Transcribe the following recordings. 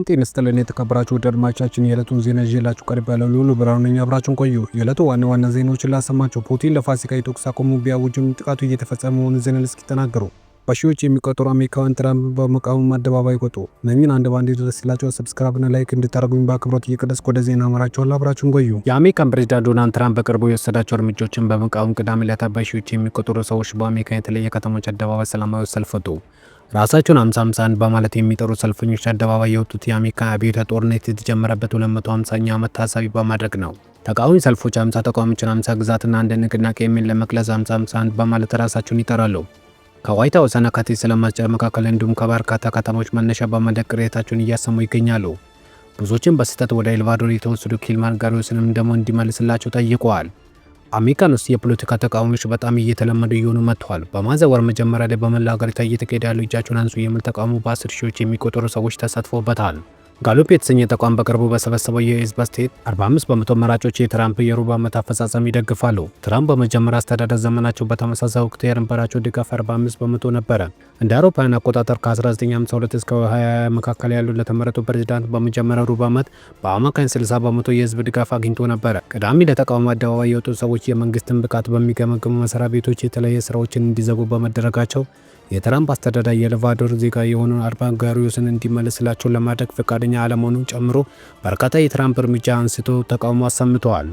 ሰላም ጤና ይስጥልን የተከበራችሁ ውድ አድማጮቻችን፣ የዕለቱን ዜና ይዤላችሁ ቀርብ ያለው ሉሉ ብርሃኑ ነኝ። አብራችሁን ቆዩ። የዕለቱ ዋና ዋና ዜናዎችን ላሰማችሁ። ፑቲን ለፋሲካ የተኩስ አቁሙ ቢያውጅም ጥቃቱ እየተፈጸመ መሆኑን ዜለንስኪ ተናገሩ። በሺዎች የሚቆጠሩ አሜሪካውያን ትራምፕ በመቃወም አደባባይ ወጡ። ነኝን አንድ ባንድ ደስላቸው ሰብስክራይብና ላይክ እንድታደርጉኝ በአክብሮት እየቀደስኩ ወደ ዜና አመራቸዋለሁ። አብራችሁን ቆዩ። የአሜሪካን ፕሬዚዳንት ዶናልድ ትራምፕ በቅርቡ የወሰዳቸው እርምጃዎችን በመቃወም ቅዳሜ ዕለት በሺዎች የሚቆጠሩ ሰዎች በአሜሪካ የተለያዩ ከተሞች አደባባይ ሰላማዊ ሰልፍ ወጡ። ራሳቸውን ሃምሳ በማለት የሚጠሩ ሰልፈኞች አደባባይ የወጡት የአሜሪካ አብዮታዊ ጦርነት የተጀመረበት 250ኛ ዓመት ታሳቢ በማድረግ ነው። ተቃዋሚ ሰልፎች 50 ተቃዋሚዎችን፣ 50 ግዛትና አንድ ንቅናቄ የሚል ለመግለጽ ሃምሳ በማለት ራሳቸውን ይጠራሉ። ከዋይት ሀውስ አናካቴ ስለማስጨር መካከል እንዲሁም ከበርካታ ከተሞች መነሻ በማድረግ ቅሬታቸውን እያሰሙ ይገኛሉ። ብዙዎችን በስህተት ወደ ኤልቫዶር የተወሰዱ ኪልማን ጋሪዎስንም ደግሞ እንዲመልስላቸው ጠይቀዋል። አሜሪካን ውስጥ የፖለቲካ ተቃዋሚዎች በጣም እየተለመዱ እየሆኑ መጥተዋል። በማዘወር መጀመሪያ ላይ በመላ ሀገሪቷ እየተካሄደ ያለው እጃችሁን አንሱ የሚል ተቃውሞ በአስር ሺዎች የሚቆጠሩ ሰዎች ተሳትፎበታል። ጋሉፕ የተሰኘ ተቋም በቅርቡ በሰበሰበው የህዝብ አስተያየት 45 በመቶ መራጮች የትራምፕ የሩብ ዓመት አፈጻጸም ይደግፋሉ። ትራምፕ በመጀመሪያ አስተዳደር ዘመናቸው በተመሳሳይ ወቅት የነበራቸው ድጋፍ 45 በመቶ ነበረ። እንደ አውሮፓውያን አቆጣጠር ከ1952 እስከ 2020 መካከል ያሉ ለተመረጡ ፕሬዚዳንት በመጀመሪያ ሩብ ዓመት በአማካኝ 60 በመቶ የህዝብ ድጋፍ አግኝቶ ነበረ። ቅዳሜ ለተቃውሞ አደባባይ የወጡ ሰዎች የመንግስትን ብቃት በሚገመግሙ መስሪያ ቤቶች የተለያዩ ስራዎችን እንዲዘጉ በመደረጋቸው የትራምፕ አስተዳዳሪ የኤልቫዶር ዜጋ የሆነውን ጋሪዮስን እንዲመለስላቸው ለማድረግ ፈቃደኛ አለመሆኑን ጨምሮ በርካታ የትራምፕ እርምጃ አንስቶ ተቃውሞ አሰምተዋል።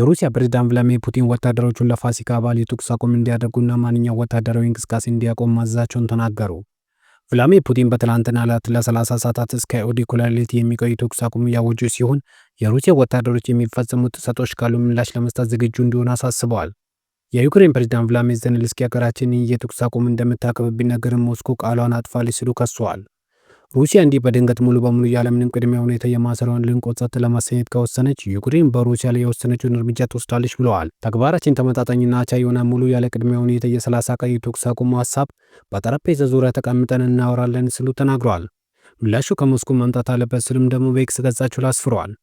የሩሲያ ፕሬዝዳንት ቭላድሚር ፑቲን ወታደሮቹን ለፋሲካ በዓል የተኩስ አቁም እንዲያደርጉና ማንኛውም ወታደራዊ እንቅስቃሴ እንዲያቆም ማዘዛቸውን ተናገሩ። ፍላሜ ፑቲን በትላንትና ዕለት ለ30 ሰዓታት እስከ እሁድ እኩለ ሌሊት የሚቆይ ተኩስ አቁም እያወጁ ሲሆን የሩሲያ ወታደሮች የሚፈጽሙት ጥሰቶች ካሉ ምላሽ ለመስጠት ዝግጁ እንዲሆን አሳስበዋል። የዩክሬን ፕሬዝዳንት ቭላድሚር ዜሌንስኪ ሀገራችን የተኩስ አቁም እንደምታከብር ቢነገርም ሞስኮ ቃሏን አጥፋለች ሲሉ ከሰዋል። ሩሲያ እንዲህ በድንገት ሙሉ በሙሉ ያለምንም ቅድሚያ ሁኔታ የማሰሯን ልንቅ ጸጥ ለማሰኘት ከወሰነች ዩክሬን በሩሲያ ላይ የወሰነችውን እርምጃ ትወስዳለች ብለዋል። ተግባራችን ተመጣጣኝና አቻ የሆነ ሙሉ ያለ ቅድሚያ ሁኔታ የሰላሳ ቀን የተኩስ አቁም ሀሳብ በጠረጴዛ ዙሪያ ተቀምጠን እናወራለን ሲሉ ተናግረዋል። ምላሹ ከሞስኮ መምጣት አለበት ሲሉም ደግሞ በኤክስ ገጻቸው ላይ አስፍረዋል።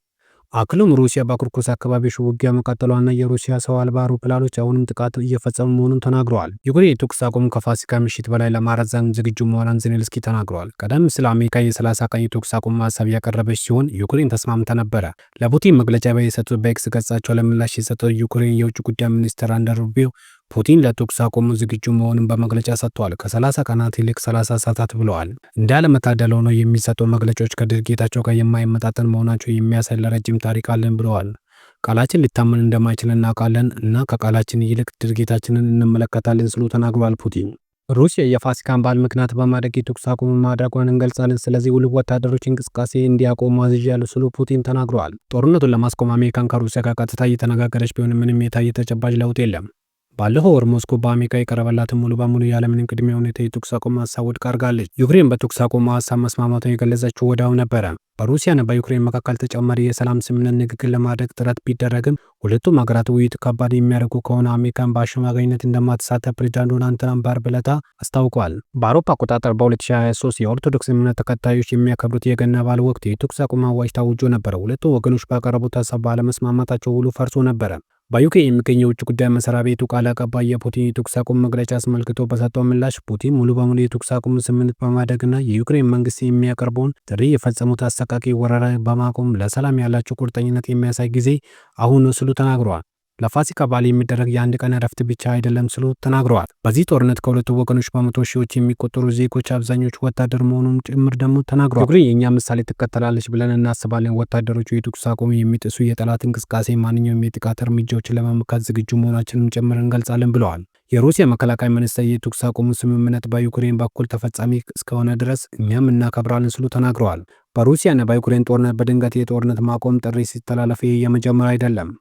አክሎም ሩሲያ በኩርኩስ አካባቢዎች ውጊያ መቀጠሏና የሩሲያ ሰው አልባ አውሮፕላኖች አሁንም ጥቃት እየፈጸሙ መሆኑን ተናግረዋል። የጉዳይ የተኩስ አቁም ከፋሲካ ምሽት በላይ ለማራዘም ዝግጁ መሆኗን ዜሌንስኪ ተናግረዋል። ቀደም ሲል አሜሪካ የ30 ቀን የተኩስ አቁም ሀሳብ ያቀረበች ሲሆን ዩክሬን ተስማምታ ነበረ። ለፑቲን መግለጫ በየሰጡት በኤክስ ገጻቸው ለምላሽ የሰጠው ዩክሬን የውጭ ጉዳይ ሚኒስትር አንደር ሩቢዮ ፑቲን ለተኩስ አቁም ዝግጁ መሆኑን በመግለጫ ሰጥቷል ከ ከ30 ቀናት ይልቅ 30 ሰዓታት ብለዋል። እንዳለመታደል ሆኖ የሚሰጡ መግለጫዎች ከድርጊታቸው ጋር የማይመጣጠን መሆናቸው የሚያሳይ ለረጅም ታሪክ አለን ብለዋል። ቃላችን ሊታመን እንደማይችል እናውቃለን እና ከቃላችን ይልቅ ድርጊታችንን እንመለከታለን ሲሉ ተናግሯል ፑቲን ሩሲያ የፋሲካን በዓል ምክንያት በማድረግ የተኩስ አቁም ማድረጓን እንገልጻለን። ስለዚህ ውልብ ወታደሮች እንቅስቃሴ እንዲያቆሙ አዝዣለሁ ሲሉ ፑቲን ተናግረዋል። ጦርነቱን ለማስቆም አሜሪካን ከሩሲያ ጋር ቀጥታ እየተነጋገረች ቢሆን ምንም የታየ ተጨባጭ ለውጥ የለም። ባለፈው ወር ሞስኮ በአሜሪካ የቀረበላትን ሙሉ በሙሉ ያለምንም ቅድሚያ ሁኔታ የተኩስ አቁም ሀሳብ ውድቅ አድርጋለች። ዩክሬን በተኩስ አቁም ሀሳብ መስማማቷን የገለጸችው ወዲያው ነበረ። በሩሲያና በዩክሬን መካከል ተጨማሪ የሰላም ስምምነት ንግግር ለማድረግ ጥረት ቢደረግም ሁለቱም ሀገራት ውይይቱ ከባድ የሚያደርጉ ከሆነ አሜሪካን በአሸማጋኝነት እንደማትሳተፍ ፕሬዚዳንት ዶናልድ ትራምፕ ዓርብ ዕለት አስታውቋል። በአውሮፓ አቆጣጠር በ2023 የኦርቶዶክስ እምነት ተከታዮች የሚያከብሩት የገና በዓል ወቅት የተኩስ አቁም አዋጅ ታውጆ ነበረ። ሁለቱ ወገኖች ባቀረቡት ሀሳብ ባለመስማማታቸው ውሉ ፈርሶ ነበረ። በዩኬ የሚገኘው የውጭ ጉዳይ መስሪያ ቤቱ ቃል አቀባይ የፑቲን የተኩስ አቁም መግለጫ አስመልክቶ በሰጠው ምላሽ ፑቲን ሙሉ በሙሉ የተኩስ አቁም ስምምነት በማድረግና የዩክሬን መንግስት የሚያቀርበውን ጥሪ የፈጸሙት አሰቃቂ ወረራ በማቆም ለሰላም ያላቸው ቁርጠኝነት የሚያሳይ ጊዜ አሁን ስሉ ተናግረዋል። ለፋሲካ በዓል የሚደረግ የአንድ ቀን እረፍት ብቻ አይደለም ሲሉ ተናግረዋል። በዚህ ጦርነት ከሁለቱ ወገኖች በመቶ ሺዎች የሚቆጠሩ ዜጎች አብዛኞቹ ወታደር መሆኑም ጭምር ደግሞ ተናግረዋል። ዩክሬን የእኛ ምሳሌ ትከተላለች ብለን እናስባለን። ወታደሮቹ የተኩስ አቁም የሚጥሱ የጠላት እንቅስቃሴ፣ ማንኛውም የጥቃት እርምጃዎችን ለመመካት ዝግጁ መሆናችንም ጭምር እንገልጻለን ብለዋል። የሩሲያ መከላከያ ሚኒስትር የተኩስ አቁሙ ስምምነት በዩክሬን በኩል ተፈጻሚ እስከሆነ ድረስ እኛም እናከብራለን ሲሉ ተናግረዋል። በሩሲያና በዩክሬን ጦርነት በድንገት የጦርነት ማቆም ጥሪ ሲተላለፍ ይህ የመጀመሪያ አይደለም።